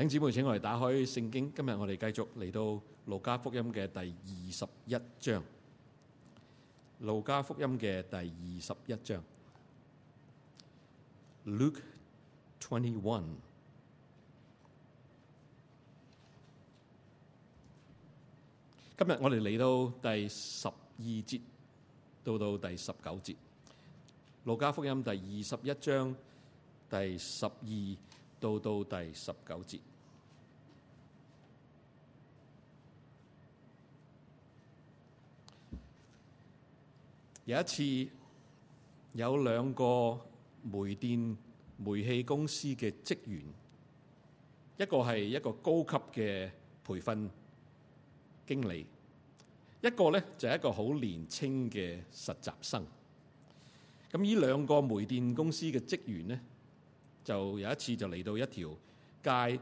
弟兄姊妹，請我哋打開聖經。今日我哋繼續嚟到路加福音嘅第二十一章。路加福音嘅第二十一章，Luke twenty one。今日我哋嚟到第十二節到到第十九節。路加福音第二十一章第十二到到第十九節。有一次，有兩個煤電煤氣公司嘅職員，一個係一個高級嘅培訓經理，一個咧就係一個好年青嘅實習生。咁呢兩個煤電公司嘅職員咧，就有一次就嚟到一條街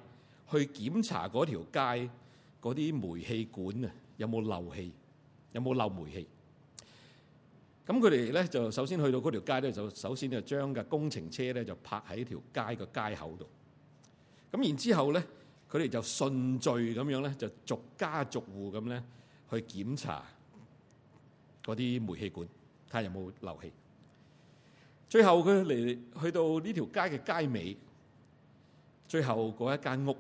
去檢查嗰條街嗰啲煤氣管啊，有冇漏氣，有冇漏煤氣。咁佢哋咧就首先去到嗰條街咧，就首先就將架工程車咧就泊喺條街個街口度。咁然之後咧，佢哋就順序咁樣咧，就逐家逐戶咁咧去檢查嗰啲煤氣管，睇下有冇漏氣。最後佢嚟去到呢條街嘅街尾，最後嗰一間屋，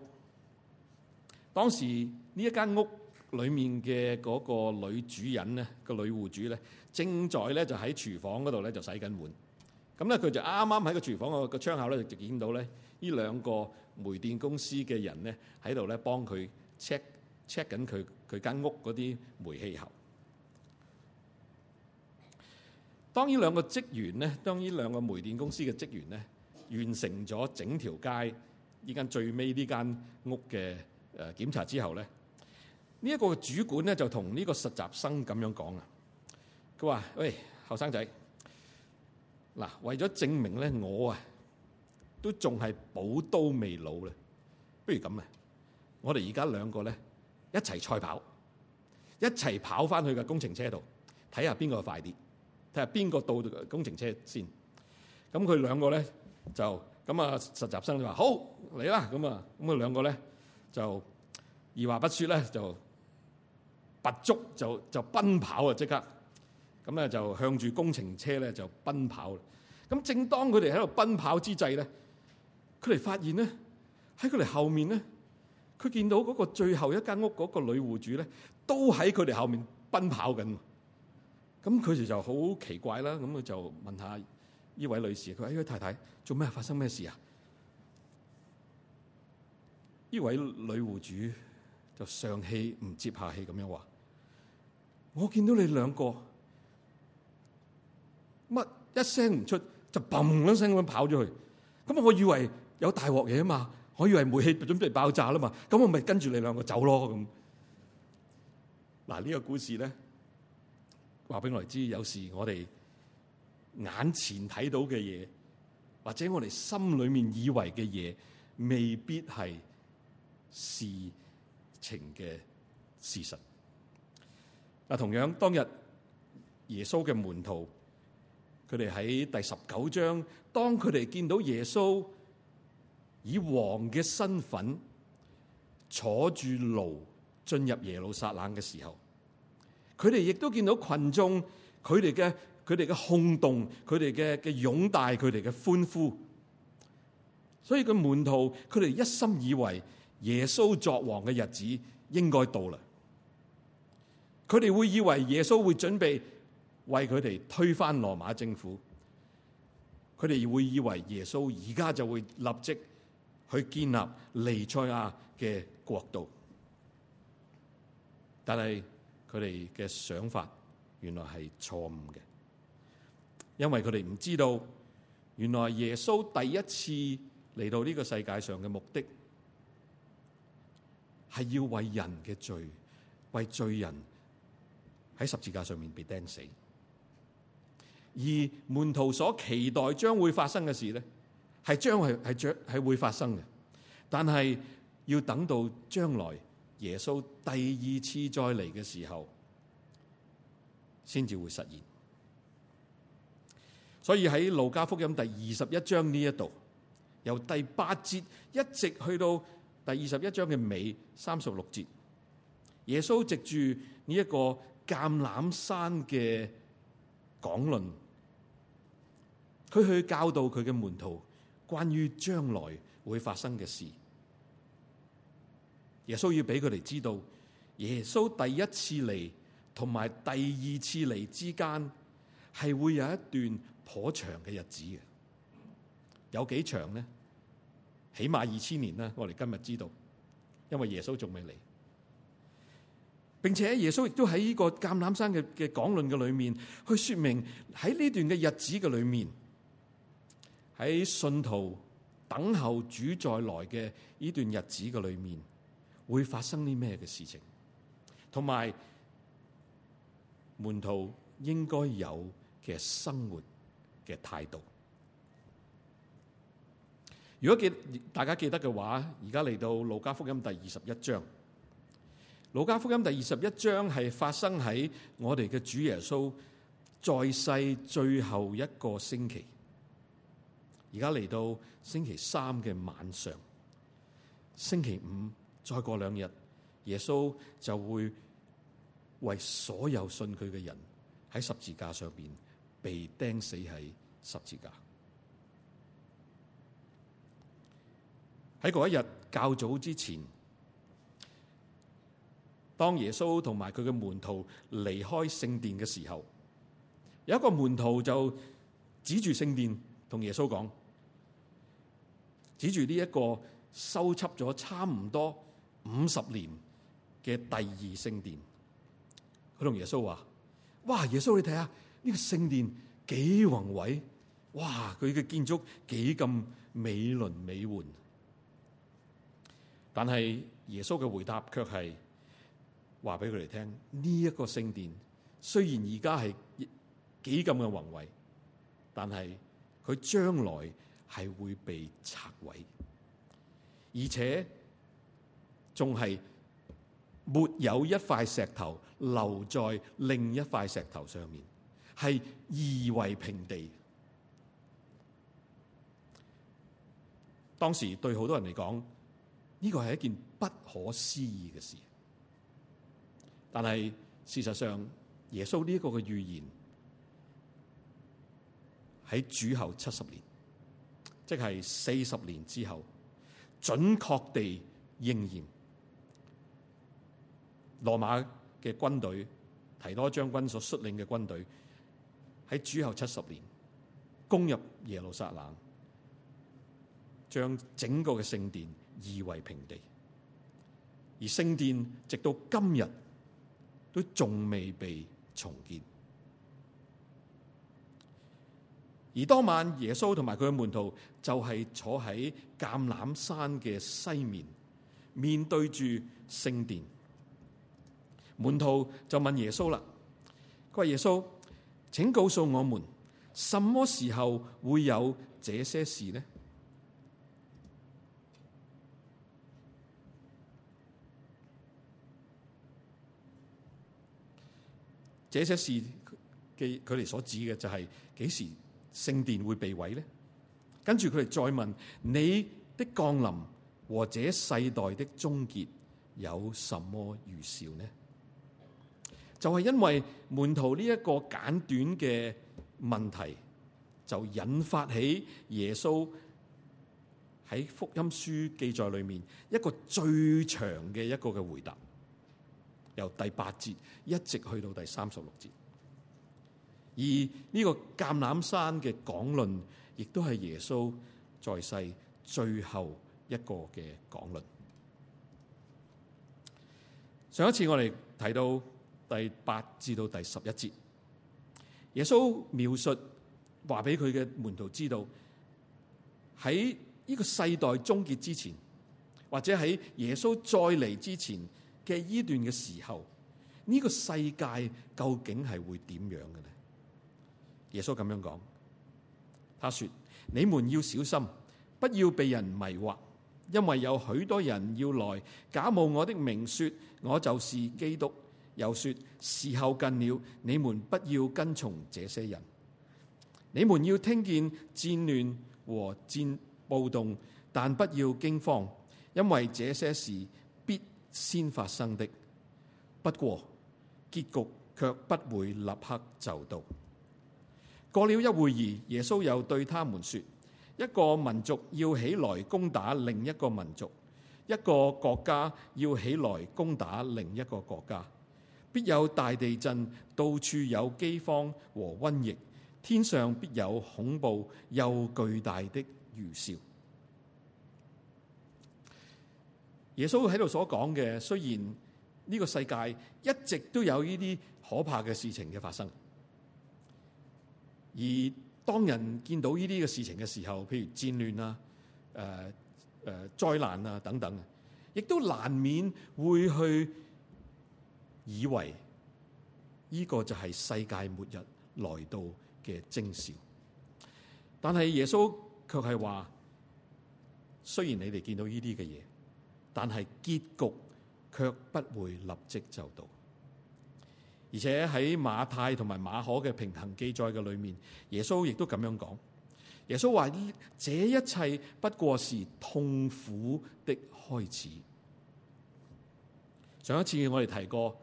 當時呢一間屋。裏面嘅嗰個女主人咧，個女戶主咧，正在咧就喺廚房嗰度咧就洗緊碗。咁咧佢就啱啱喺個廚房個窗口咧就見到咧，呢兩個煤電公司嘅人咧喺度咧幫佢 check check 緊佢佢間屋嗰啲煤氣喉。當呢兩個職員咧，當呢兩個煤電公司嘅職員咧，完成咗整條街呢間最尾呢間屋嘅誒檢查之後咧。呢一個主管咧就同呢個實習生咁樣講啊，佢話：喂，後生仔，嗱，為咗證明咧，我啊都仲係寶刀未老咧，不如咁啊，我哋而家兩個咧一齊賽跑，一齊跑返去個工程車度睇下邊個快啲，睇下邊個到工程車先。咁佢兩個咧就咁啊，實習生就話好嚟啦，咁啊，咁佢兩個咧就二話不說咧就。拔足就就奔跑啊！即刻咁咧就向住工程車咧就奔跑啦。咁正當佢哋喺度奔跑之際咧，佢哋發現咧喺佢哋後面咧，佢見到嗰個最後一間屋嗰個女戶主咧，都喺佢哋後面奔跑緊。咁佢哋就好奇怪啦，咁佢就問下呢位女士：佢話：呢位太太做咩？發生咩事啊？呢位女戶主。就上氣唔接下氣咁樣話，我見到你兩個乜一聲唔出就嘣一聲咁樣跑咗去，咁我我以為有大鑊嘢啊嘛，我以為煤氣準備爆炸啦嘛，咁我咪跟住你兩個走咯咁。嗱呢個故事咧，話俾我哋知，有時我哋眼前睇到嘅嘢，或者我哋心裏面以為嘅嘢，未必係事情嘅事實。嗱，同樣當日耶穌嘅門徒，佢哋喺第十九章，當佢哋見到耶穌以王嘅身份坐住驢進入耶路撒冷嘅時候，佢哋亦都見到群眾，佢哋嘅佢哋嘅轟動，佢哋嘅嘅擁戴，佢哋嘅歡呼。所以佢門徒，佢哋一心以為，耶穌作王嘅日子應該到啦，佢哋會以為耶穌會準備為佢哋推翻羅馬政府，佢哋會以為耶穌而家就會立即去建立彌賽亞嘅國度，但係佢哋嘅想法原來係錯誤嘅，因為佢哋唔知道原來耶穌第一次嚟到呢個世界上嘅目的。係要為人嘅罪，為罪人喺十字架上面被釘死。而門徒所期待將會發生嘅事咧，係將係係將係會發生嘅，但係要等到將來耶穌第二次再嚟嘅時候，先至會實現。所以喺路加福音第二十一章呢一度，由第八節一直去到，第二十一章嘅尾三十六節，耶穌藉住呢一個橄欖山嘅講論，佢去教導佢嘅門徒關於將來會發生嘅事。耶穌要俾佢哋知道，耶穌第一次嚟同埋第二次嚟之間係會有一段頗長嘅日子嘅，有幾長呢？起碼二千年啦，我哋今日知道，因為耶穌仲未嚟，並且耶穌亦都喺呢個橄欖山嘅嘅講論嘅裏面，去說明喺呢段嘅日子嘅裏面，喺信徒等候主再來嘅呢段日子嘅裏面，會發生啲咩嘅事情，同埋門徒應該有嘅生活嘅態度。如果記大家記得嘅話，而家嚟到《路加福音》第二十一章，《路加福音》第二十一章係發生喺我哋嘅主耶穌在世最後一個星期。而家嚟到星期三嘅晚上，星期五再過兩日，耶穌就會為所有信佢嘅人喺十字架上邊被釘死喺十字架。喺嗰一日較早之前，當耶穌同埋佢嘅門徒離開聖殿嘅時候，有一個門徒就指住聖殿同耶穌講，指住呢一個收葺咗差唔多五十年嘅第二聖殿，佢同耶穌話：哇，耶穌你睇下呢個聖殿幾宏偉，哇佢嘅建築幾咁美輪美奐。但係耶穌嘅回答卻係話俾佢哋聽：呢一個聖殿雖然而家係幾咁嘅宏偉，但係佢將來係會被拆毀，而且仲係沒有一塊石頭留在另一塊石頭上面，係夷為平地。當時對好多人嚟講。呢個係一件不可思議嘅事，但係事實上，耶穌呢個嘅預言喺主後七十年，即係四十年之後，準確地應驗。羅馬嘅軍隊提多將軍所率領嘅軍隊喺主後七十年攻入耶路撒冷，將整個嘅聖殿。夷為平地，而聖殿直到今日都仲未被重建。而當晚耶穌同埋佢嘅門徒就係坐喺橄欖山嘅西面，面對住聖殿。門徒就問耶穌啦，佢話耶穌，請告訴我們，什麼時候會有這些事呢？這些事嘅佢哋所指嘅就係、是、幾時聖殿會被毀咧？跟住佢哋再問，你的降臨和這世代的終結有什麼預兆呢？就係、是、因為門徒呢一個簡短嘅問題，就引發起耶穌喺福音書記載裏面一個最長嘅一個嘅回答。由第八節一直去到第三十六節，而呢個橄欖山嘅講論，亦都係耶穌在世最後一個嘅講論。上一次我哋提到第八至到第十一節，耶穌描述話俾佢嘅門徒知道，喺呢個世代終結之前，或者喺耶穌再嚟之前。嘅依段嘅時候，呢個世界究竟係會點樣嘅呢？耶穌咁樣講，他說：你們要小心，不要被人迷惑，因為有許多人要來假冒我的名說，說我就是基督。又說：時候近了，你們不要跟從這些人。你們要聽見戰亂和戰暴動，但不要驚慌，因為這些事。先發生的，不過結局卻不會立刻就到。過了一會兒，耶穌又對他們説：一個民族要起來攻打另一個民族，一個國家要起來攻打另一個國家，必有大地震，到處有饑荒和瘟疫，天上必有恐怖又巨大的預兆。耶穌喺度所講嘅，雖然呢個世界一直都有呢啲可怕嘅事情嘅發生，而當人見到呢啲嘅事情嘅時候，譬如戰亂啊、誒、呃、誒、呃、災難啊等等，亦都難免會去以為呢、這個就係世界末日來到嘅徵兆。但係耶穌卻係話，雖然你哋見到呢啲嘅嘢。但係結局卻不會立即就到，而且喺馬太同埋馬可嘅平行記載嘅裏面，耶穌亦都咁樣講。耶穌話：這一切不過是痛苦的開始。上一次我哋提過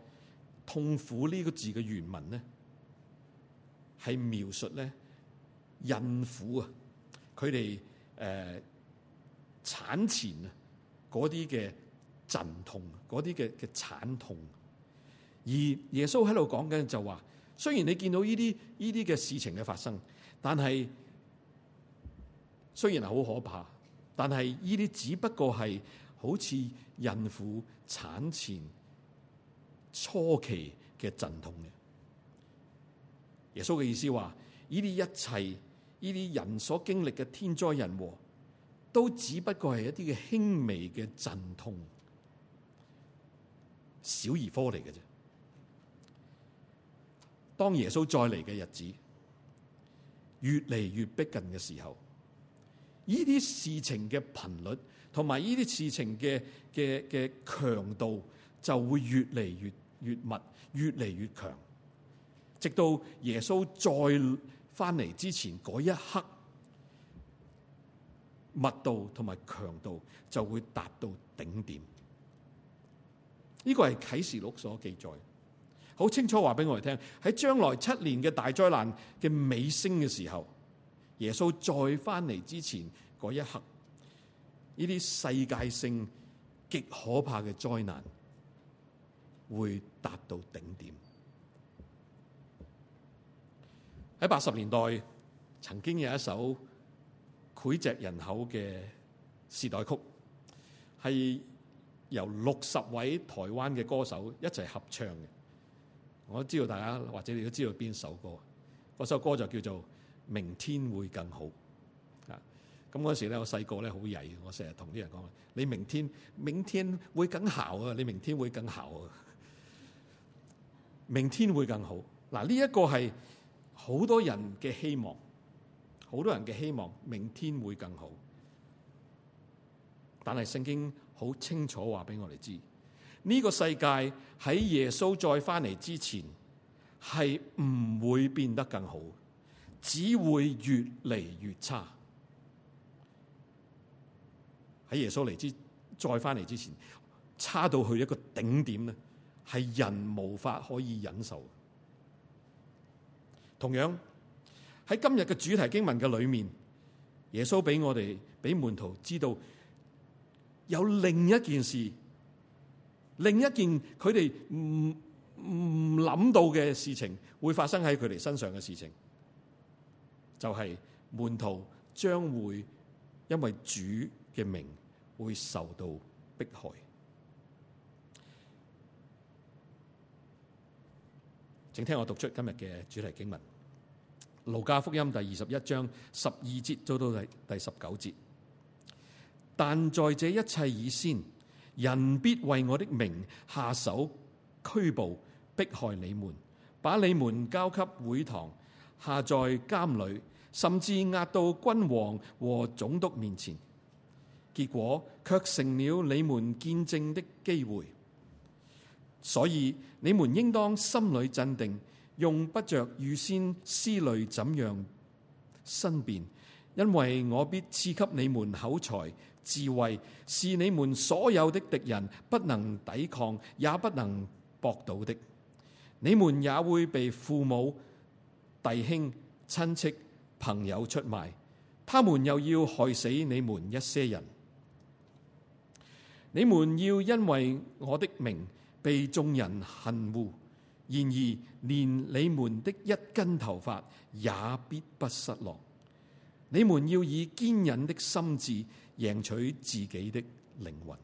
痛苦呢個字嘅原文呢，係描述咧孕婦啊，佢哋誒產前啊。嗰啲嘅陣痛，嗰啲嘅嘅慘痛，而耶穌喺度講緊就話，雖然你見到呢啲呢啲嘅事情嘅發生，但係雖然係好可怕，但係呢啲只不過係好似孕婦產前初期嘅陣痛嘅。耶穌嘅意思話，呢啲一切呢啲人所經歷嘅天災人禍。都只不過係一啲嘅輕微嘅陣痛，小兒科嚟嘅啫。當耶穌再嚟嘅日子越嚟越逼近嘅時候，呢啲事情嘅頻率同埋呢啲事情嘅嘅嘅強度就會越嚟越越密，越嚟越強，直到耶穌再翻嚟之前嗰一刻，密度同埋強度就會達到頂點，呢個係啟示錄所記載，好清楚話俾我哋聽喺將來七年嘅大災難嘅尾聲嘅時候，耶穌再翻嚟之前嗰一刻，呢啲世界性極可怕嘅災難會達到頂點。喺八十年代曾經有一首。膾炙人口嘅時代曲，係由六十位台灣嘅歌手一齊合唱嘅。我知道大家或者你都知道邊首歌，嗰首歌就叫做《明天會更好》啊。咁嗰時咧，我細個咧好曳，我成日同啲人講，你明天，明天會更好啊！你明天會更好啊！明天會更好。嗱，呢一個係好多人嘅希望。好多人嘅希望明天會更好，但係聖經好清楚話俾我哋知，呢個世界喺耶穌再翻嚟之前係唔會變得更好，只會越嚟越差。喺耶穌嚟之再翻嚟之前，差到去一個頂點咧，係人無法可以忍受。同樣。喺今日嘅主題經文嘅裏面，耶穌俾我哋俾門徒知道，有另一件事，另一件佢哋唔唔諗到嘅事情會發生喺佢哋身上嘅事情，就係門徒將會因為主嘅名會受到迫害。請聽我讀出今日嘅主題經文。路加福音第二十一章十二節做到第第十九節，但在這一切以先，人必為我的名下手拘捕迫害你們，把你們交給會堂，下在監裏，甚至押到君王和總督面前，結果卻成了你們見證的機會。所以你們應當心裏鎮定。用不着預先思慮怎樣申辯，因為我必賜給你們口才、智慧，是你們所有的敵人不能抵抗，也不能駁倒的。你們也會被父母、弟兄、親戚、朋友出賣，他們又要害死你們一些人。你們要因為我的名被眾人恨惡。然而，連你們的一根頭髮也必不失落。你們要以堅忍的心智贏取自己的靈魂。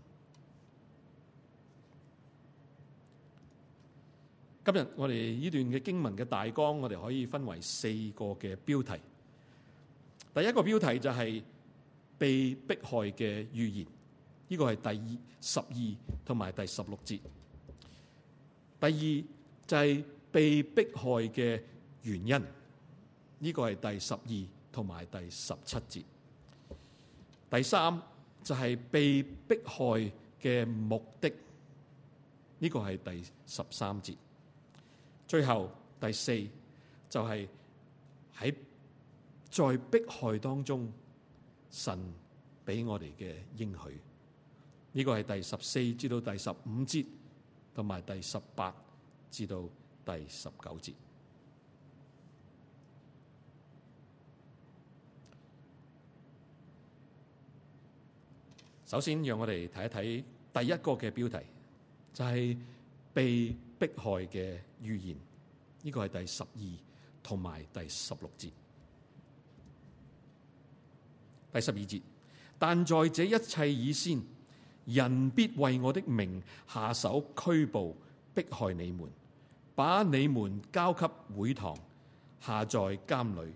今日我哋呢段嘅經文嘅大綱，我哋可以分為四個嘅標題。第一個標題就係被迫害嘅預言，呢個係第十二同埋第十六節。第二。就係被迫害嘅原因，呢、這個係第十二同埋第十七節。第三就係、是、被迫害嘅目的，呢、這個係第十三節。最後第四就係、是、喺在迫害當中，神俾我哋嘅應許，呢、這個係第十四至到第十五節同埋第十八，至到第十九節。首先，讓我哋睇一睇第一個嘅標題，就係被迫害嘅預言。呢個係第十二同埋第十六節。第十二節，但在這一切以先，人必為我的名下手拘捕迫害你們。把你們交給會堂，下在監裏，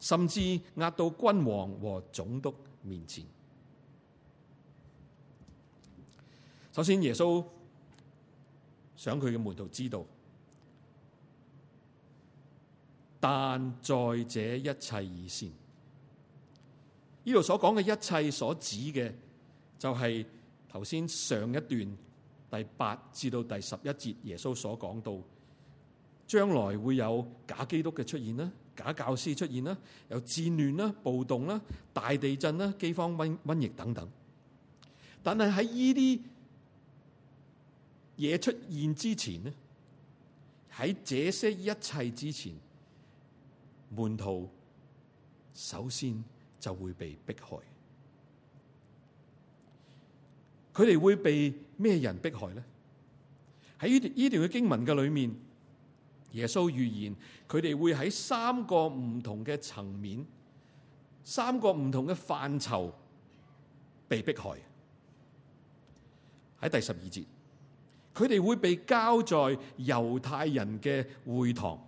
甚至押到君王和總督面前。首先，耶穌想佢嘅門徒知道，但在這一切以先，呢度所講嘅一切所指嘅，就係頭先上一段第八至到第十一節耶穌所講到。將來會有假基督嘅出現啦，假教師出現啦，有戰亂啦、暴動啦、大地震啦、饑荒、瘟瘟疫等等。但係喺呢啲嘢出現之前咧，喺這些一切之前，門徒首先就會被迫害。佢哋會被咩人迫害咧？喺呢段呢段嘅經文嘅裏面。耶穌預言佢哋會喺三個唔同嘅層面，三個唔同嘅範疇被迫害。喺第十二節，佢哋會被交在猶太人嘅會堂。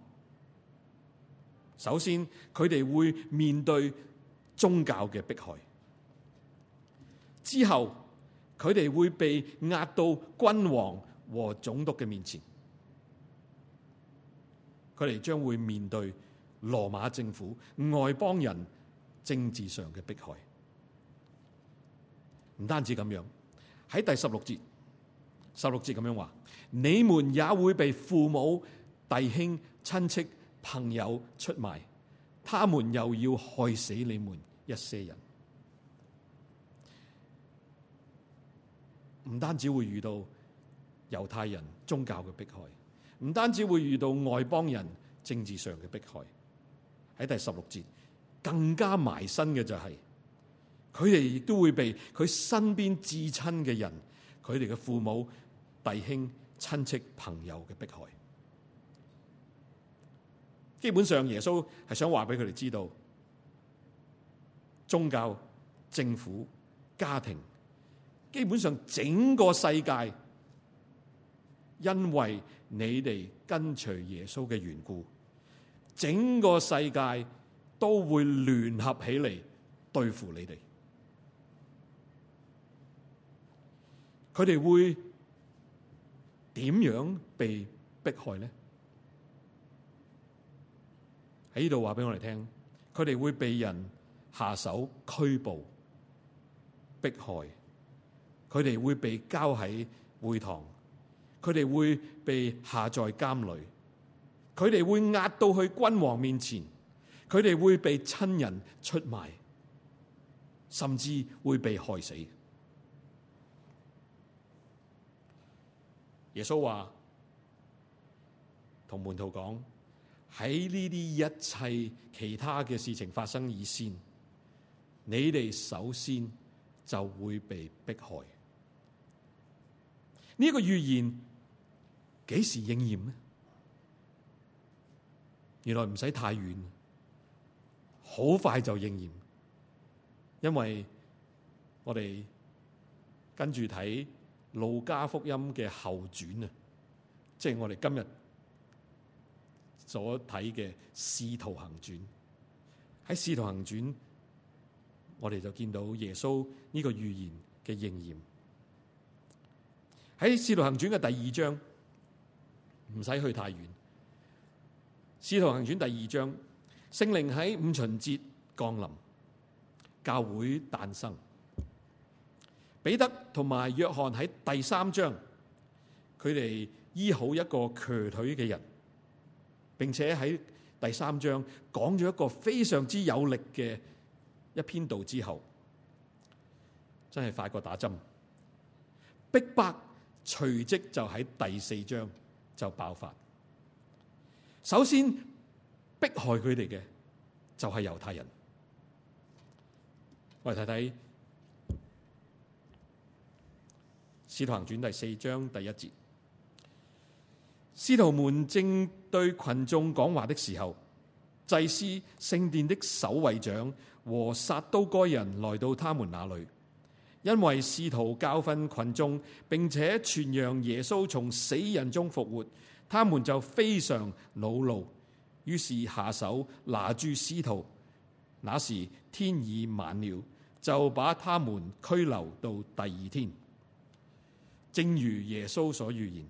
首先，佢哋會面對宗教嘅迫害，之後佢哋會被壓到君王和總督嘅面前。佢哋將會面對羅馬政府外邦人政治上嘅迫害，唔單止咁樣。喺第十六節，十六節咁樣話：你們也會被父母、弟兄、親戚、朋友出賣，他們又要害死你們一些人。唔單止會遇到猶太人宗教嘅迫害。唔單止會遇到外邦人政治上嘅迫害，喺第十六節更加埋身嘅就係佢哋亦都會被佢身邊至親嘅人，佢哋嘅父母、弟兄、親戚、朋友嘅迫害。基本上，耶穌係想話俾佢哋知道，宗教、政府、家庭，基本上整個世界因為。你哋跟隨耶穌嘅緣故，整個世界都會聯合起嚟對付你哋。佢哋會點樣被迫害呢？喺呢度話俾我哋聽，佢哋會被人下手拘捕、迫害，佢哋會被交喺會堂。佢哋會被下在監裏，佢哋會壓到去君王面前，佢哋會被親人出賣，甚至會被害死。耶穌話：同門徒講喺呢啲一切其他嘅事情發生以先，你哋首先就會被逼害。呢、這個預言。幾時應驗呢？原來唔使太遠，好快就應驗。因為我哋跟住睇《路加福音》嘅後傳啊，即係我哋今日所睇嘅《使徒行傳》。喺《使徒行傳》，我哋就見到耶穌呢個預言嘅應驗。喺《使徒行傳》嘅第二章。唔使去太遠，《使徒行傳》第二章，聖靈喺五旬節降臨，教會誕生。彼得同埋約翰喺第三章，佢哋醫好一個瘸腿嘅人，並且喺第三章講咗一個非常之有力嘅一篇道之後，真係快過打針。逼迫隨即就喺第四章。就爆發。首先迫害佢哋嘅就係猶太人。我哋睇睇《使徒行傳》第四章第一節，使徒們正對群眾講話的時候，祭司、聖殿的守衛長和撒都該人來到他們那裏。因為試圖教訓群眾，並且傳揚耶穌從死人中復活，他們就非常惱怒，於是下手拿住使徒。那時天已晚了，就把他們拘留到第二天。正如耶穌所預言，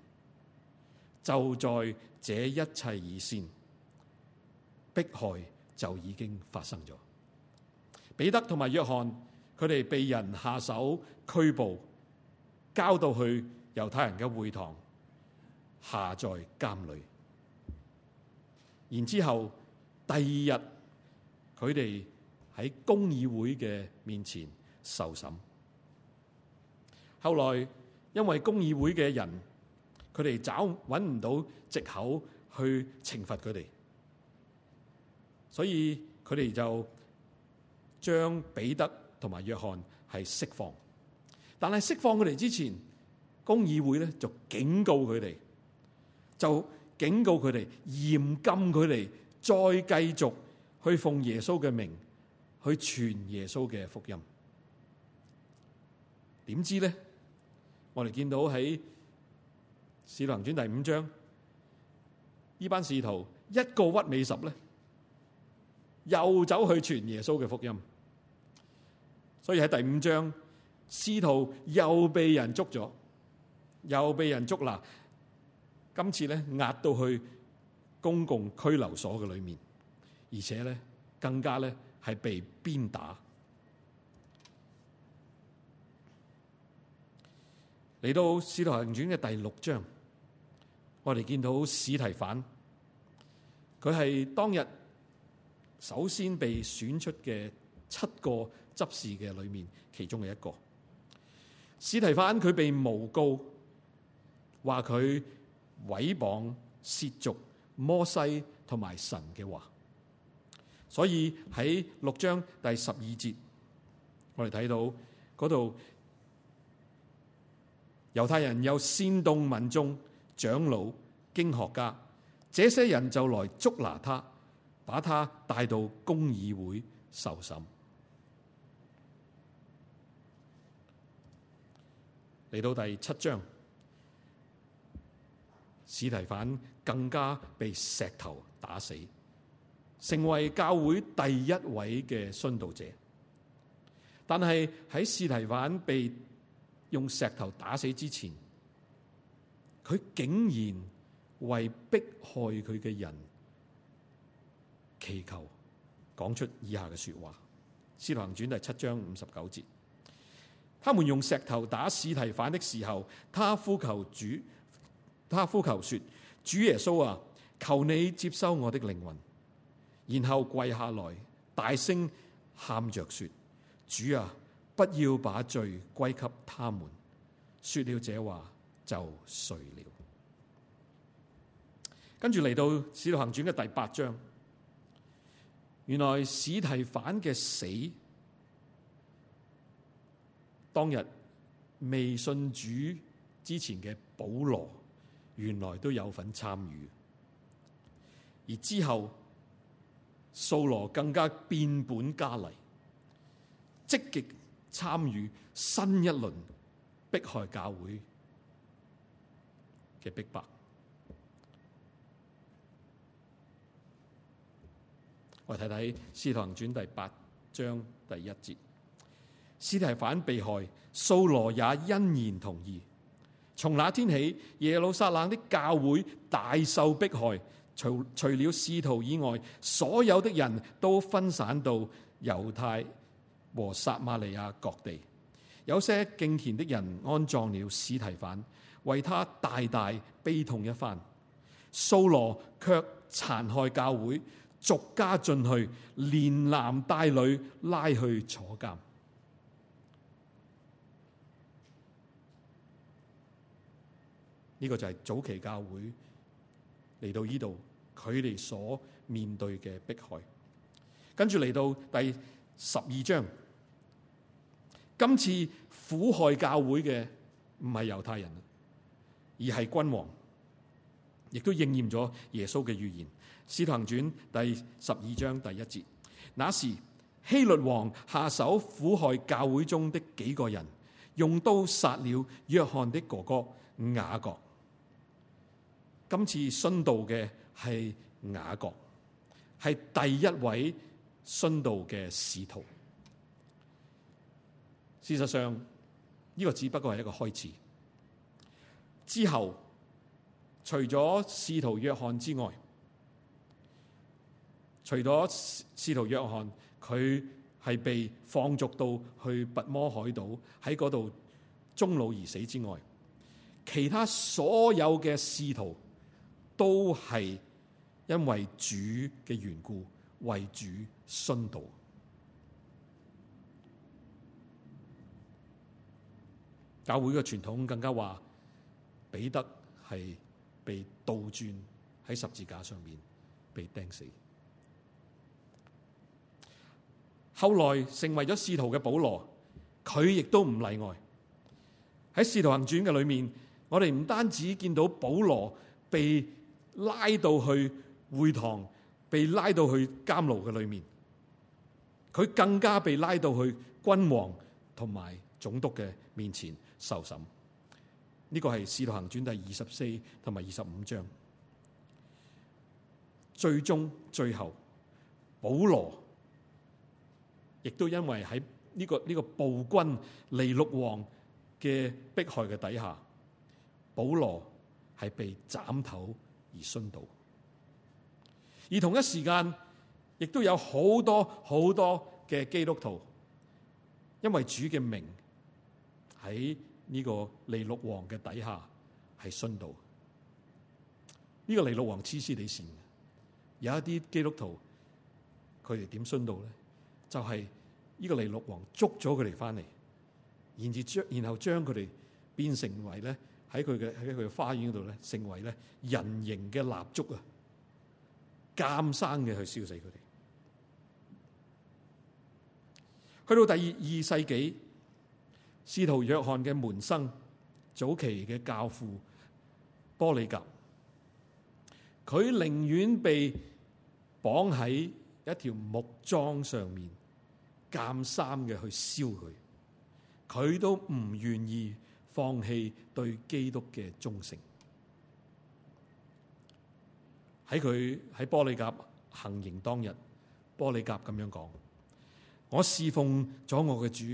就在這一切以先，迫害就已經發生咗。彼得同埋約翰。佢哋被人下手拘捕，交到去猶太人嘅會堂，下在監裏。然之後第二日，佢哋喺公議會嘅面前受審。後來因為公議會嘅人，佢哋找揾唔到藉口去懲罰佢哋，所以佢哋就將彼得。同埋約翰係釋放，但係釋放佢哋之前，公議會咧就警告佢哋，就警告佢哋嚴禁佢哋再繼續去奉耶穌嘅名去傳耶穌嘅福音。點知咧，我哋見到喺《使徒行傳》第五章，呢班使徒一個屈尾十咧，又走去傳耶穌嘅福音。所以喺第五章，使徒又被人捉咗，又被人捉嗱，今次咧押到去公共拘留所嘅裏面，而且咧更加咧係被鞭打。嚟到《使徒行傳》嘅第六章，我哋見到司提反，佢係當日首先被選出嘅七個。執事嘅裏面，其中嘅一個，史提凡司提反佢被誣告，話佢毀謗褻瀆摩西同埋神嘅話，所以喺六章第十二節，我哋睇到嗰度，猶太人有煽動民眾、長老、經學家，這些人就來捉拿他，把他帶到公議會受審。嚟到第七章，司提反更加被石頭打死，成為教會第一位嘅殉道者。但係喺司提反被用石頭打死之前，佢竟然為迫害佢嘅人祈求，講出以下嘅說話：《使徒行傳》第七章五十九節。他們用石頭打司提反的時候，他呼求主，他呼求說：主耶穌啊，求你接收我的靈魂，然後跪下來，大聲喊着說：主啊，不要把罪歸給他們。說了這話就睡了。跟住嚟到《使徒行傳》嘅第八章，原來司提反嘅死。當日未信主之前嘅保羅，原來都有份參與，而之後掃羅更加變本加厲，積極參與新一輪迫害教會嘅逼迫。我睇睇《使徒行傳》第八章第一節。司提反被害，掃羅也欣然同意。從那天起，耶路撒冷的教會大受迫害。除除了使徒以外，所有的人都分散到猶太和撒瑪利亞各地。有些敬虔的人安葬了司提反，為他大大悲痛一番。掃羅卻殘害教會，逐家進去，連男帶女拉去坐監。呢個就係早期教會嚟到呢度，佢哋所面對嘅迫害。跟住嚟到第十二章，今次苦害教會嘅唔係猶太人，而係君王，亦都應驗咗耶穌嘅預言，《使徒行傳》第十二章第一節。那時希律王下手苦害教會中的幾個人，用刀殺了約翰的哥哥雅各。今次殉道嘅係雅各，係第一位殉道嘅使徒。事實上，呢個只不過係一個開始。之後，除咗使徒約翰之外，除咗使徒約翰，佢係被放逐到去拔摩海島，喺嗰度終老而死之外，其他所有嘅使徒。都係因為主嘅緣故，為主殉道。教會嘅傳統更加話，彼得係被倒轉喺十字架上面被釘死。後來成為咗使徒嘅保羅，佢亦都唔例外。喺《使徒行傳》嘅裏面，我哋唔單止見到保羅被拉到去會堂，被拉到去監牢嘅裏面，佢更加被拉到去君王同埋總督嘅面前受審。呢個係《使徒行傳》第二十四同埋二十五章。最終最後，保羅亦都因為喺呢個呢個暴君尼祿王嘅迫害嘅底下，保羅係被斬頭。而殉道，而同一時間，亦都有好多好多嘅基督徒，因為主嘅名喺呢個尼祿王嘅底下係殉道。呢、這個尼祿王黐黐哋線，有一啲基督徒，佢哋點殉道咧？就係、是、呢個尼祿王捉咗佢哋翻嚟，然之後然後將佢哋變成為咧。喺佢嘅喺佢嘅花園嗰度咧，成為咧人形嘅蠟燭啊，監生嘅去燒死佢哋。去到第二二世紀，使徒約翰嘅門生，早期嘅教父坡旅甲，佢寧願被綁喺一條木樁上面監生嘅去燒佢，佢都唔願意。放棄對基督嘅忠誠，喺佢喺坡旅甲行刑當日，坡旅甲咁樣講：我侍奉咗我嘅主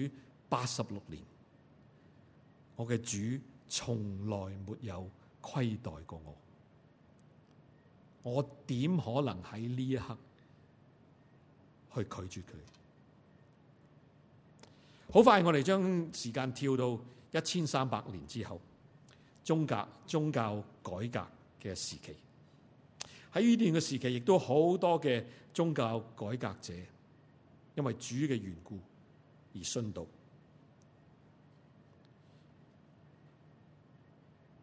八十六年，我嘅主從來沒有虧待過我，我點可能喺呢一刻去拒絕佢？好快，我哋將時間跳到。一千三百年之後，宗教宗教改革嘅時期，喺呢段嘅時期，亦都好多嘅宗教改革者，因為主嘅緣故而殉道。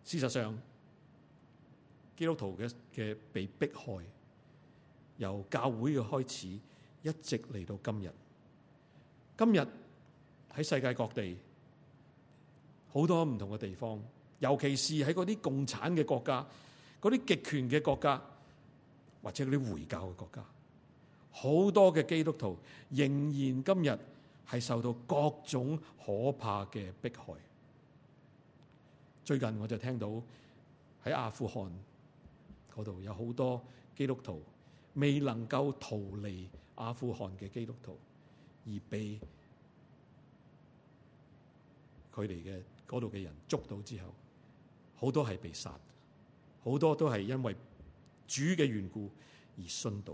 事實上，基督徒嘅嘅被迫害，由教會嘅開始，一直嚟到今日。今日喺世界各地，好多唔同嘅地方，尤其是喺嗰啲共產嘅國家，嗰啲極權嘅國家，或者嗰啲回教嘅國家，好多嘅基督徒仍然今日係受到各種可怕嘅迫害。最近我就聽到喺阿富汗嗰度有好多基督徒未能夠逃離阿富汗嘅基督徒，而被佢哋嘅。嗰度嘅人捉到之後，好多係被殺，好多都係因為主嘅緣故而殉道。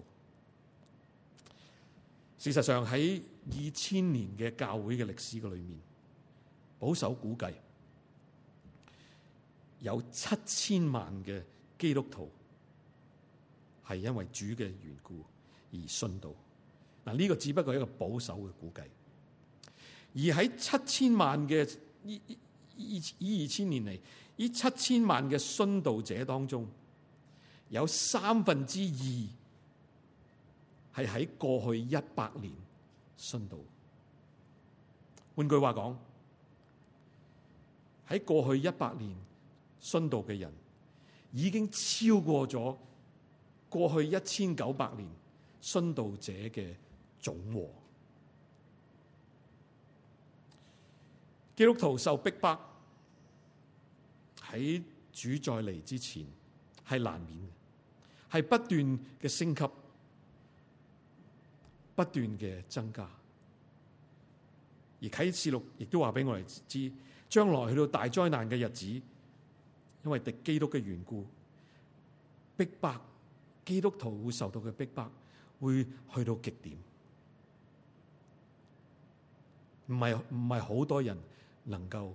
事實上喺二千年嘅教會嘅歷史嘅裏面，保守估計有七千萬嘅基督徒係因為主嘅緣故而殉道。嗱、這、呢個只不過係一個保守嘅估計，而喺七千萬嘅呢二千年嚟，呢七千萬嘅殉道者當中，有三分之二係喺過去一百年殉道。換句話講，喺過去一百年殉道嘅人，已經超過咗過去一千九百年殉道者嘅總和。基督徒受逼迫，喺主再嚟之前係難免嘅，係不斷嘅升級，不斷嘅增加。而啟示錄亦都話俾我哋知，將來去到大災難嘅日子，因為敵基督嘅緣故，逼迫基督徒會受到嘅逼迫會去到極點，唔係唔係好多人，能夠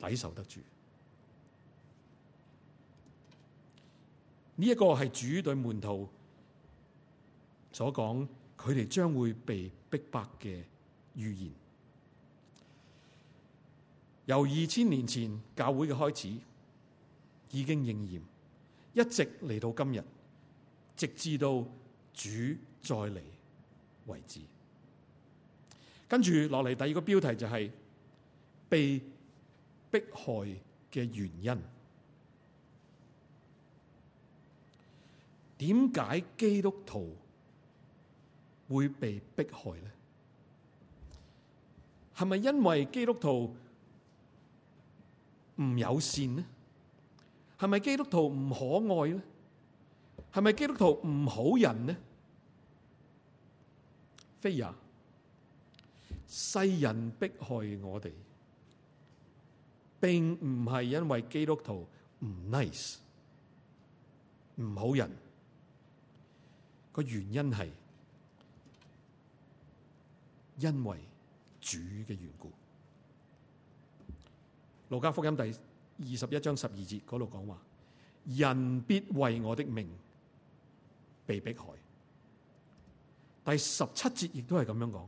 抵受得住，呢一個係主對門徒所講，佢哋將會被逼迫嘅預言。由二千年前教會嘅開始，已經應驗，一直嚟到今日，直至到主再嚟為止。跟住落嚟第二個標題就係被迫害嘅原因，點解基督徒會被迫害咧？係咪因為基督徒唔友善咧？係咪基督徒唔可愛咧？係咪基督徒唔好人咧？非也。世人迫害我哋，並唔係因為基督徒唔 nice、唔好人。個原因係因為主嘅緣故。路加福音第二十一章十二節嗰度講話，人必為我的名，被迫害。第十七節亦都係咁樣講。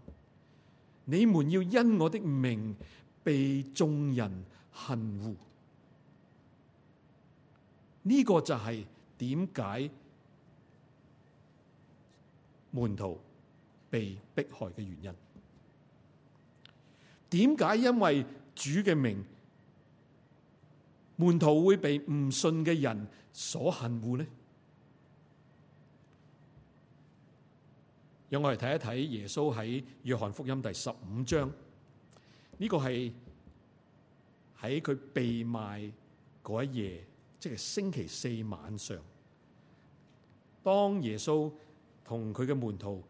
你們要因我的名被眾人恨惡，呢、這個就係點解門徒被迫害嘅原因。點解因為主嘅名門徒會被唔信嘅人所恨惡呢？讓我嚟睇一睇耶穌喺約翰福音第十五章，呢個係喺佢被賣嗰一夜，即係星期四晚上。當耶穌同佢嘅門徒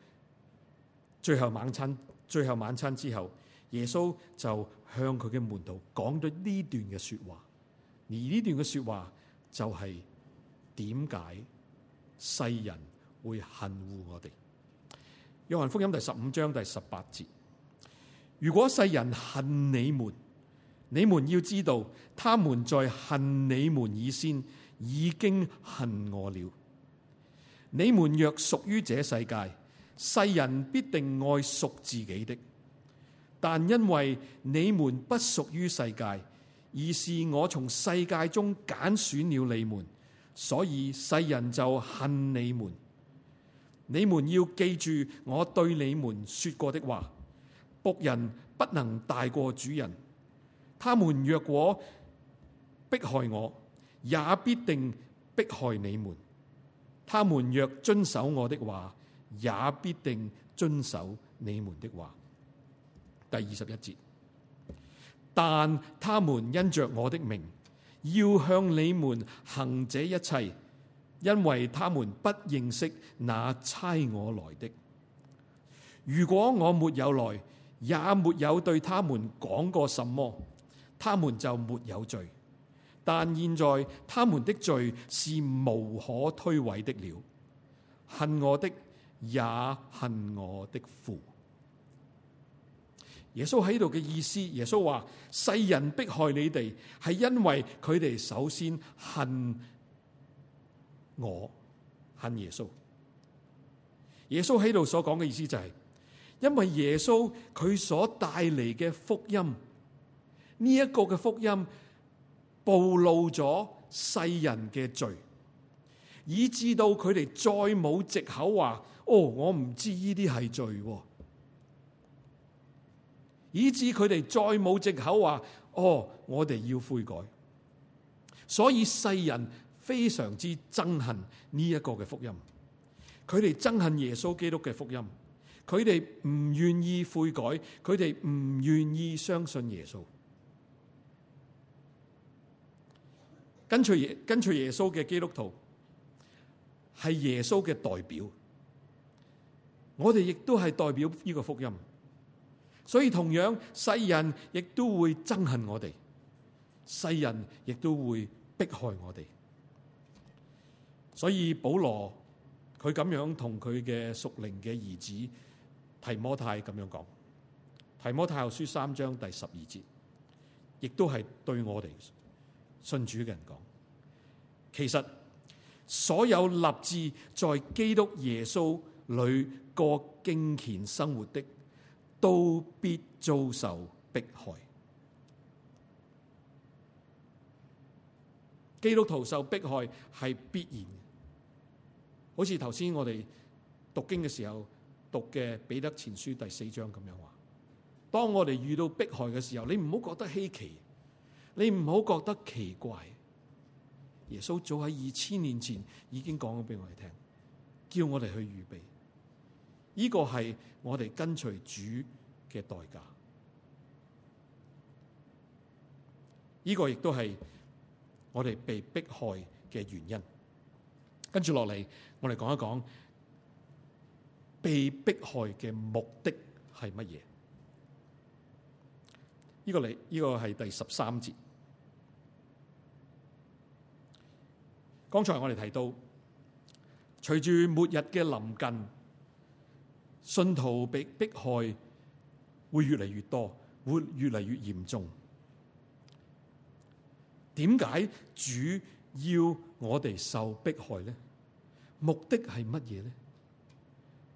最後晚餐，最後晚餐之後，耶穌就向佢嘅門徒講咗呢段嘅說話。而呢段嘅說話就係點解世人會恨惡我哋。約翰福音第十五章第十八節：如果世人恨你們，你們要知道，他們在恨你們以先，已經恨我了。你們若屬於這世界，世人必定愛屬自己的；但因為你們不屬於世界，而是我從世界中揀選了你們，所以世人就恨你們。你們要記住我對你們說過的話。僕人不能大過主人。他們若果迫害我，也必定迫害你們；他們若遵守我的話，也必定遵守你們的話。第二十一節，但他們因着我的名，要向你們行這一切。因為他們不認識那差我來的。如果我沒有來，也沒有對他們講過什麼，他們就沒有罪。但現在他們的罪是無可推諉的了。恨我的也恨我的父。耶穌喺度嘅意思，耶穌話，世人迫害你哋，係因為佢哋首先恨。我恨耶穌。耶穌喺度所講嘅意思就係、是，因為耶穌佢所帶嚟嘅福音，呢、這、一個嘅福音，暴露咗世人嘅罪，以致到佢哋再冇藉口話，哦，我唔知依啲係罪，哦，以致佢哋再冇藉口話，哦，我哋要悔改。所以世人。非常之憎恨呢一個嘅福音，佢哋憎恨耶穌基督嘅福音，佢哋唔願意悔改，佢哋唔願意相信耶穌。跟隨耶，跟隨耶穌嘅基督徒係耶穌嘅代表，我哋亦都係代表呢個福音，所以同樣，世人亦都會憎恨我哋，世人亦都會迫害我哋。所以保羅佢咁樣同佢嘅屬靈嘅兒子提摩太咁樣講，提摩太後書三章第十二節，亦都係對我哋信主嘅人講。其實所有立志在基督耶穌裏過敬虔生活的，都必遭受迫害。基督徒受迫害係必然嘅。好似頭先我哋讀經嘅時候讀嘅彼得前書第四章咁樣話，當我哋遇到迫害嘅時候，你唔好覺得稀奇，你唔好覺得奇怪。耶穌早喺二千年前已經講咗俾我哋聽，叫我哋去預備。呢個係我哋跟隨主嘅代價。呢個亦都係我哋被迫害嘅原因。跟住落嚟。我哋講一講被迫害嘅目的係乜嘢？呢個你呢個係第十三節。剛才我哋提到，隨住末日嘅臨近，信徒被迫害會越嚟越多，會越嚟越嚴重。點解主要我哋受迫害咧？目的係乜嘢呢？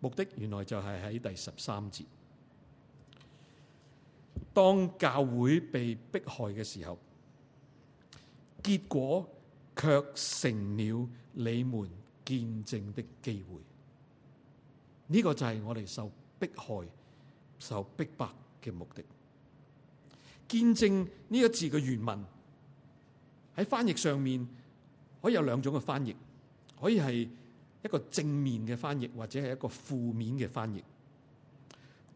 目的原來就係喺第十三節，當教會被迫害嘅時候，結果卻成了你們見證的機會。呢、這個就係我哋受迫害，受逼迫嘅目的。見證呢個字嘅原文喺翻譯上面可以有兩種嘅翻譯，可以係。一個正面嘅翻譯或者係一個負面嘅翻譯，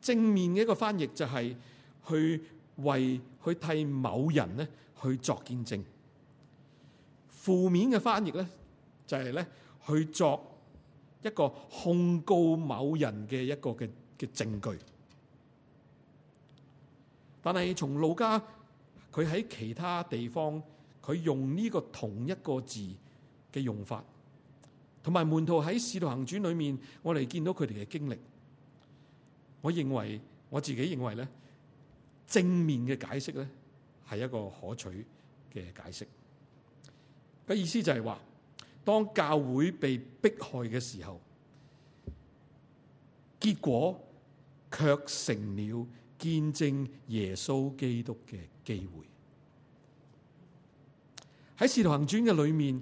正面嘅一個翻譯就係去為去替某人咧去作見證，負面嘅翻譯咧就係咧去作一個控告某人嘅一個嘅嘅證據。但係從路加佢喺其他地方，佢用呢個同一個字嘅用法。同埋門徒喺《使徒行傳》裏面，我哋見到佢哋嘅經歷。我認為我自己認為咧，正面嘅解釋咧係一個可取嘅解釋。嘅意思就係話，當教會被迫害嘅時候，結果卻成了見證耶穌基督嘅機會。喺《使徒行傳》嘅裏面。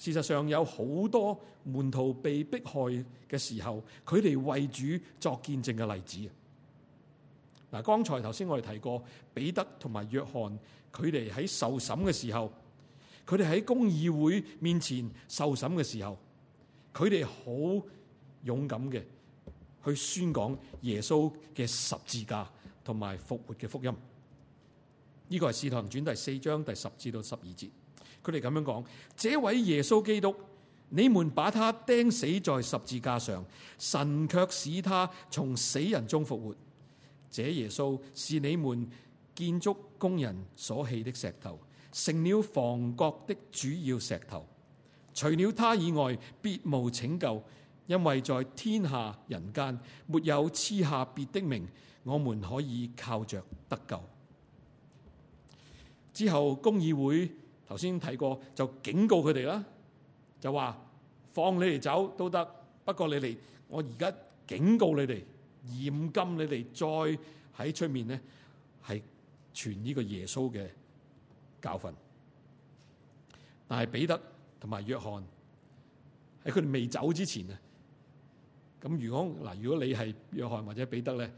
事實上有好多門徒被迫害嘅時候，佢哋為主作見證嘅例子嗱，剛才頭先我哋提過彼得同埋約翰，佢哋喺受審嘅時候，佢哋喺公議會面前受審嘅時候，佢哋好勇敢嘅去宣講耶穌嘅十字架同埋復活嘅福音。呢、這個係《使徒行傳》第四章第十至到十二節。佢哋咁樣講：這位耶穌基督，你們把他釘死在十字架上，神卻使他從死人中復活。這耶穌是你們建築工人所棄的石頭，成了房角的主要石頭。除了他以外，別無拯救，因為在天下人間沒有賜下別的名，我們可以靠着得救。之後，公議會。頭先睇過就警告佢哋啦，就話放你哋走都得，不過你哋我而家警告你哋，嚴禁你哋再喺出面咧係傳呢個耶穌嘅教訓。但係彼得同埋約翰喺佢哋未走之前啊，咁如果嗱，如果你係約翰或者彼得咧，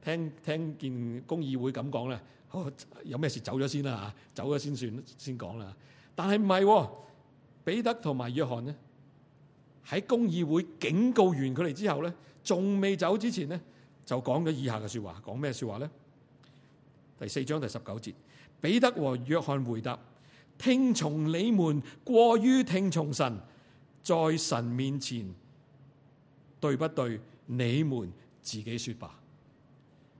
聽聽見公議會咁講咧。好有咩事走咗？走咗先啦吓，走咗先算先講啦。但係唔係彼得同埋約翰呢，喺公議會警告完佢哋之後咧，仲未走之前呢，就講咗以下嘅說話。講咩說話咧？第四章第十九節，彼得和約翰回答：聽從你們過於聽從神，在神面前對不對？你們自己說吧。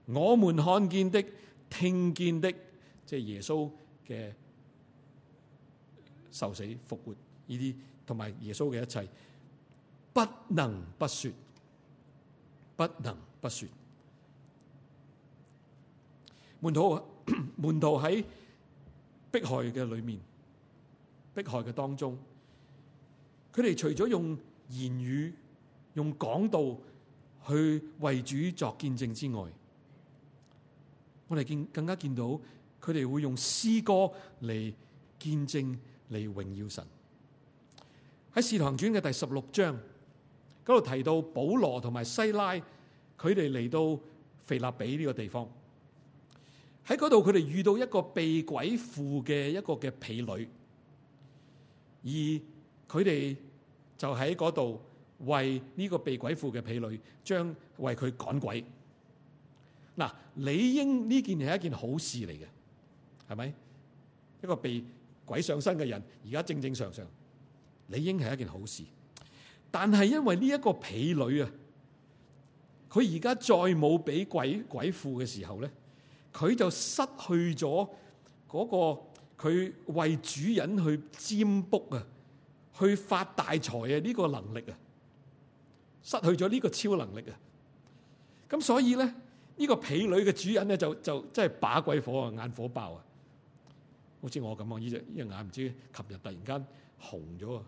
我們看見的。聽見的即係、就是、耶穌嘅受死復活呢啲，同埋耶穌嘅一切，不能不說，不能不說。門徒門徒喺迫害嘅裏面，迫害嘅當中，佢哋除咗用言語、用講道去為主作見證之外，我哋見更加見到佢哋會用詩歌嚟見證嚟榮耀神。喺《使徒行傳》嘅第十六章，嗰度提到保羅同埋西拉，佢哋嚟到腓立比呢個地方。喺嗰度佢哋遇到一個被鬼附嘅一個嘅婢女，而佢哋就喺嗰度為呢個被鬼附嘅婢女，將為佢趕鬼。嗱，理應呢件係一件好事嚟嘅，係咪？一個被鬼上身嘅人，而家正正常常，理應係一件好事。但係因為呢一個婢女啊，佢而家再冇俾鬼鬼附嘅時候咧，佢就失去咗嗰、那個佢為主人去占卜啊，去發大財啊呢個能力啊，失去咗呢個超能力啊。咁所以咧。呢個婢女嘅主人咧就就真係把鬼火啊眼火爆啊，好似我咁啊，呢隻呢隻眼唔知琴日突然間紅咗啊，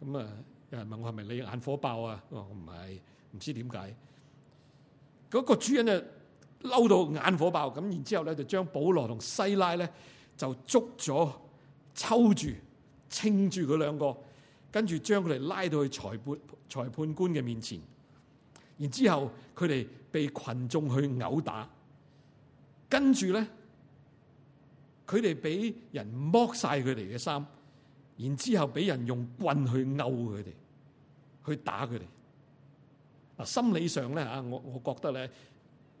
咁啊有人問我係咪你眼火爆啊？我唔係，唔知點解。嗰個主人咧嬲到眼火爆，咁然之後咧就將保羅同西拉咧就捉咗，抽住、清住佢兩個，跟住將佢哋拉到去裁判裁判官嘅面前。然之後佢哋被群眾去毆打，跟住咧佢哋俾人剝晒佢哋嘅衫，然之後俾人用棍去毆佢哋，去打佢哋。嗱，心理上咧啊，我我覺得咧，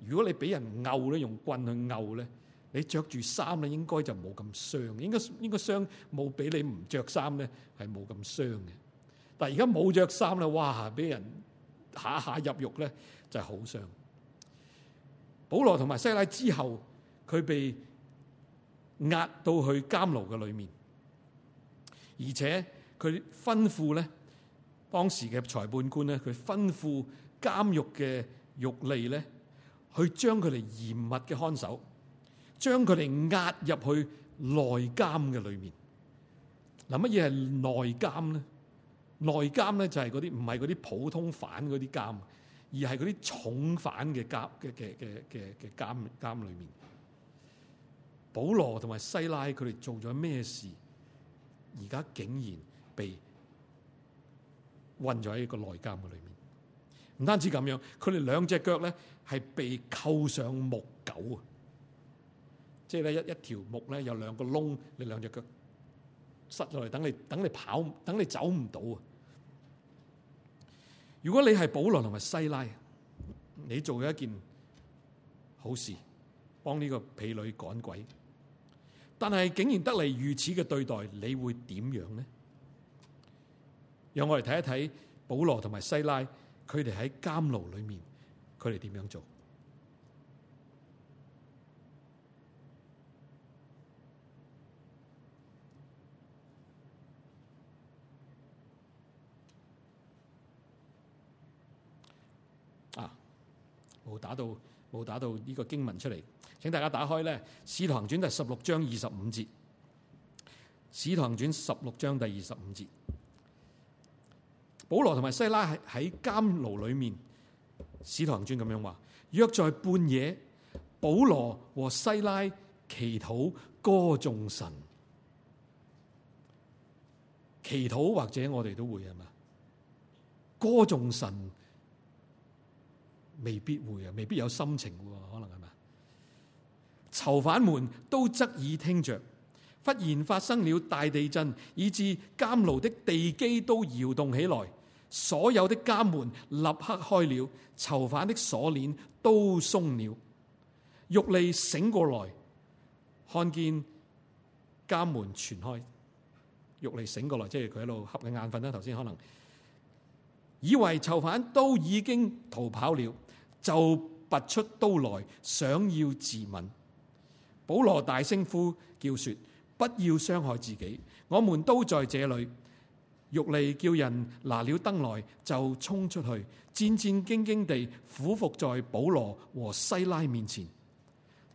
如果你俾人毆咧，用棍去毆咧，你着住衫咧應該就冇咁傷，應該應該傷冇比你唔着衫咧係冇咁傷嘅。但係而家冇着衫咧，哇俾人！下下入獄咧就係好傷。保羅同埋西拉之後，佢被押到去監牢嘅裏面，而且佢吩咐咧當時嘅裁判官咧，佢吩咐監獄嘅獄吏咧，去將佢哋嚴密嘅看守，將佢哋押入去內監嘅裏面。嗱乜嘢係內監咧？內監咧就係嗰啲唔係嗰啲普通犯嗰啲監，而係嗰啲重犯嘅監嘅嘅嘅嘅嘅監監裏面。保羅同埋西拉佢哋做咗咩事？而家竟然被困咗喺一個內監嘅裏面。唔單止咁樣，佢哋兩隻腳咧係被扣上木狗啊！即係咧一一條木咧有兩個窿，你兩隻腳塞落嚟，等你等你跑等你走唔到啊！如果你係保羅同埋西拉，你做咗一件好事，幫呢個婢女趕鬼，但係竟然得嚟如此嘅對待，你會點樣呢？讓我哋睇一睇保羅同埋西拉，佢哋喺監牢裏面，佢哋點樣做？冇打到，冇打到呢個經文出嚟。請大家打開咧《使徒行傳》都係十六章二十五節，《使徒行傳》十六章第二十五節，保羅同埋西拉喺喺監牢裏面，《使徒行傳》咁樣話：約在半夜，保羅和西拉祈禱歌頌神。祈禱或者我哋都會係嘛？歌頌神。未必會啊，未必有心情喎，可能係咪？囚犯們都側耳聽着，忽然發生了大地震，以致監牢的地基都搖動起來，所有的監門立刻開了，囚犯的鎖鏈都鬆了。獄吏醒過來，看見監門全開，獄吏醒過來，即係佢喺度瞌緊眼瞓啦，頭先可能以為囚犯都已經逃跑了。就拔出刀來，想要自刎。保羅大聲呼叫說：不要傷害自己，我們都在這裏。獄吏叫人拿了燈來，就衝出去，戰戰兢兢地俯伏在保羅和西拉面前。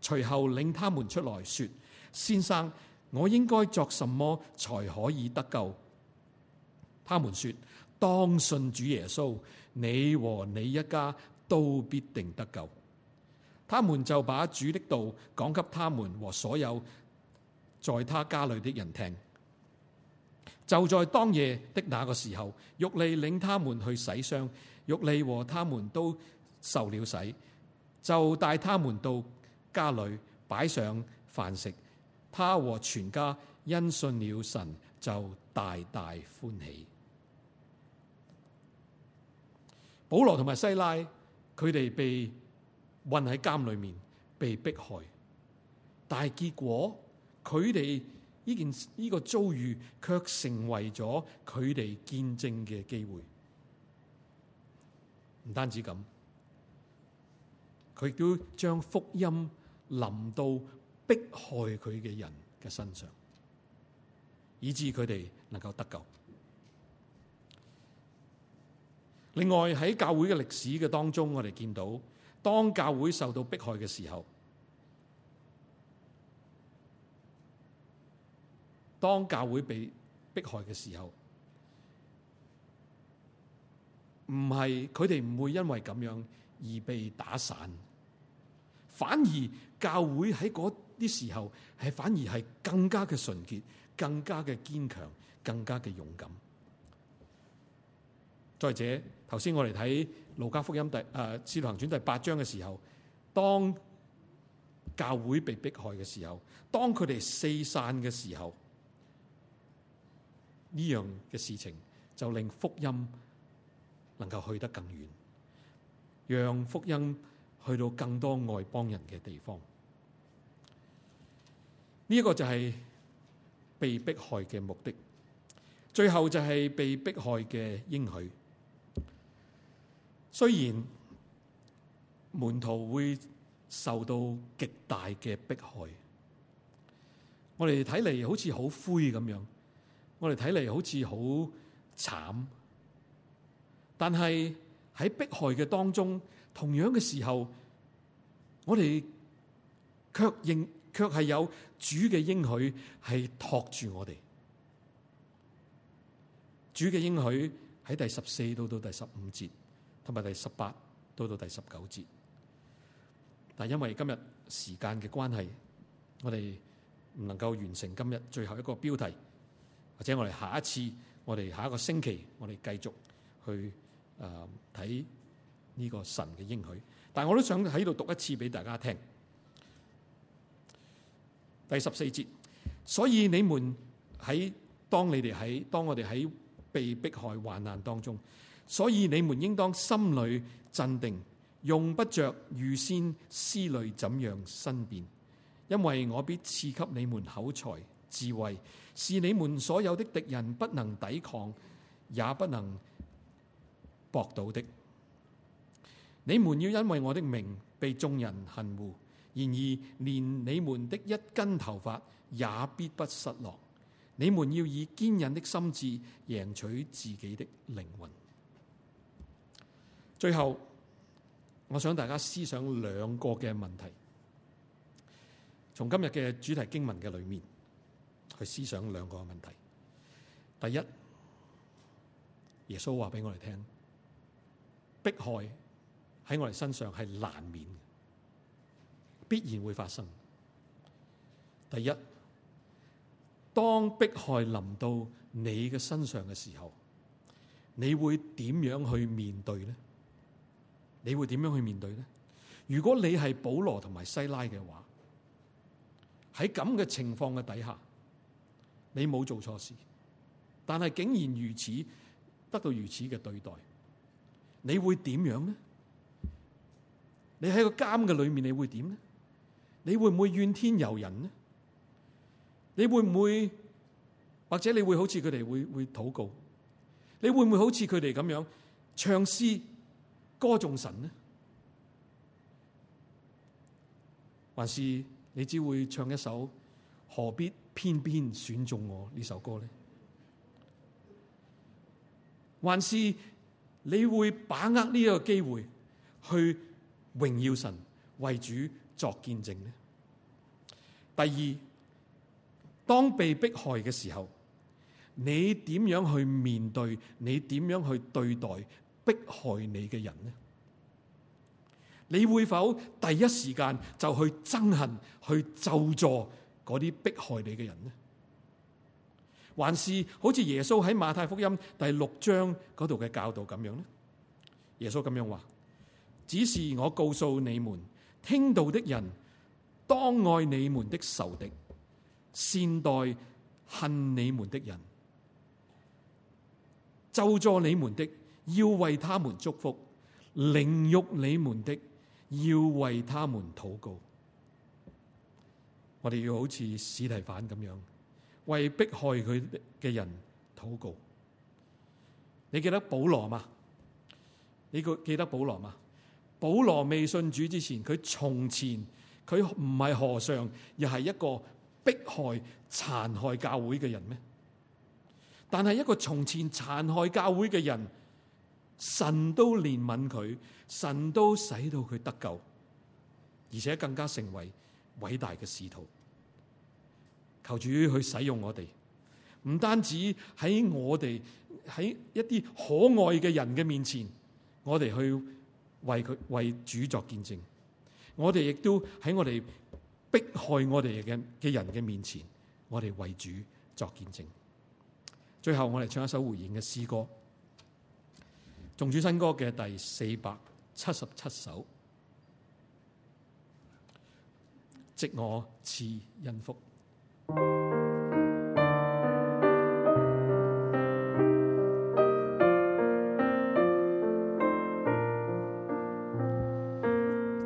隨後領他們出來，說：先生，我應該作什麼才可以得救？他們說：當信主耶穌，你和你一家，都必定得救。他們就把主的道講給他們和所有在他家裏的人聽。就在當夜的那個時候，獄吏領他們去洗傷，獄吏和他們都受了洗，就帶他們到家裏擺上飯食。他和全家因信了神，就大大歡喜。保羅同埋西拉。佢哋被困喺監裏面，被迫害，但係結果佢哋呢件呢個遭遇，卻成為咗佢哋見證嘅機會。唔單止咁，佢亦都將福音臨到逼害佢嘅人嘅身上，以致佢哋能夠得救。另外喺教會嘅歷史嘅當中，我哋見到當教會受到迫害嘅時候，當教會被迫害嘅時候，唔係佢哋唔會因為咁樣而被打散，反而教會喺嗰啲時候係反而係更加嘅純潔、更加嘅堅強、更加嘅勇敢。再者，頭先我哋睇《路加福音第》第、啊、誒《使徒行傳》第八章嘅時候，當教會被迫害嘅時候，當佢哋四散嘅時候，呢樣嘅事情就令福音能夠去得更遠，讓福音去到更多外邦人嘅地方。呢、這、一個就係被迫害嘅目的，最後就係被迫害嘅應許。雖然門徒會受到極大嘅迫害，我哋睇嚟，好似好灰咁樣，我哋睇嚟，好似好慘。但係喺迫害嘅當中，同樣嘅時候，我哋卻認卻係有主嘅應許係托住我哋。主嘅應許喺第十四到到第十五節。今日第十八到到第十九節，但因為今日時間嘅關係，我哋唔能夠完成今日最後一個標題，或者我哋下一次，我哋下一個星期，我哋繼續去誒睇呢個神嘅應許。但係我都想喺度讀一次俾大家聽第十四節，所以你們喺當你哋喺當我哋喺被迫害患難當中。所以你們應當心裏鎮定，用不着預先思慮怎樣申辯，因為我必賜給你們口才智慧，是你們所有的敵人不能抵抗，也不能駁倒的。你們要因為我的名被眾人恨惡，然而連你們的一根頭髮也必不失落。你們要以堅忍的心志贏取自己的靈魂。最後，我想大家思想兩個嘅問題，從今日嘅主題經文嘅裏面去思想兩個嘅問題。第一，耶穌話俾我哋聽，迫害喺我哋身上係難免嘅，必然會發生。第一，當迫害臨到你嘅身上嘅時候，你會點樣去面對呢？你會點樣去面對呢？如果你係保羅同埋西拉嘅話，喺咁嘅情況嘅底下，你冇做錯事，但係竟然如此得到如此嘅對待，你會點樣呢？你喺個監嘅裏面，你會點呢？你會唔會怨天尤人呢？你會唔會或者你會好似佢哋會會禱告？你會唔會好似佢哋咁樣唱詩？歌頌神呢？還是你只會唱一首何必偏偏選中我呢首歌呢？還是你會把握呢個機會去榮耀神，為主作見證呢？第二，當被迫害嘅時候，你點樣去面對？你點樣去對待？迫害你嘅人呢？你會否第一時間就去憎恨、去咒詛嗰啲迫害你嘅人呢？還是好似耶穌喺馬太福音第六章嗰度嘅教導咁樣呢？耶穌咁樣話：只是我告訴你們，聽道的人當愛你們的仇敵，善待恨你們的人，咒詛你們的。要為他們祝福，凌辱你們的，要為他們禱告。我哋要好似史提反咁樣，為迫害佢嘅人禱告。你記得保羅嘛？你記記得保羅嘛？保羅未信主之前，佢從前佢唔係何嘗，又係一個迫害、殘害教會嘅人咩？但係一個從前殘害教會嘅人。神都憐憫佢，神都使到佢得救，而且更加成為偉大嘅使徒。求主去使用我哋，唔單止喺我哋喺一啲可愛嘅人嘅面前，我哋去為佢為主作見證；我哋亦都喺我哋迫害我哋嘅嘅人嘅面前，我哋為主作見證。最後，我哋唱一首回應嘅詩歌。頌主新歌》嘅第四百七十七首，即我賜恩福，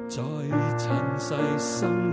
在塵世生。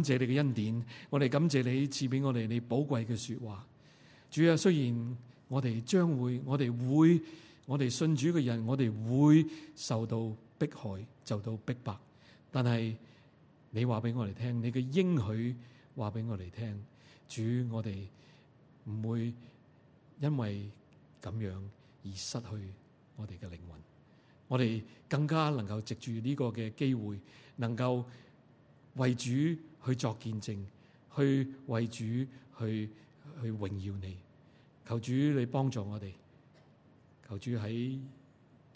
感謝你嘅恩典，我哋感謝你賜俾我哋你寶貴嘅說話。主啊，雖然我哋將會，我哋會，我哋信主嘅人，我哋會受到迫害，受到逼迫。但係你話俾我哋聽，你嘅應許話俾我哋聽，主，我哋唔會因為咁樣而失去我哋嘅靈魂。我哋更加能夠藉住呢個嘅機會，能夠為主。去作見證，去為主，去去榮耀你。求主你幫助我哋，求主喺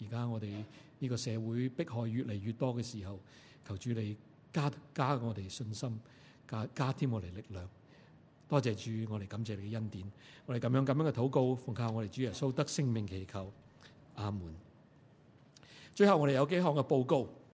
而家我哋呢個社會迫害越嚟越多嘅時候，求主你加加我哋信心，加加添我哋力量。多謝主，我哋感謝你嘅恩典。我哋咁樣咁樣嘅禱告，奉靠我哋主耶穌得生命祈求。阿門。最後我哋有幾項嘅報告。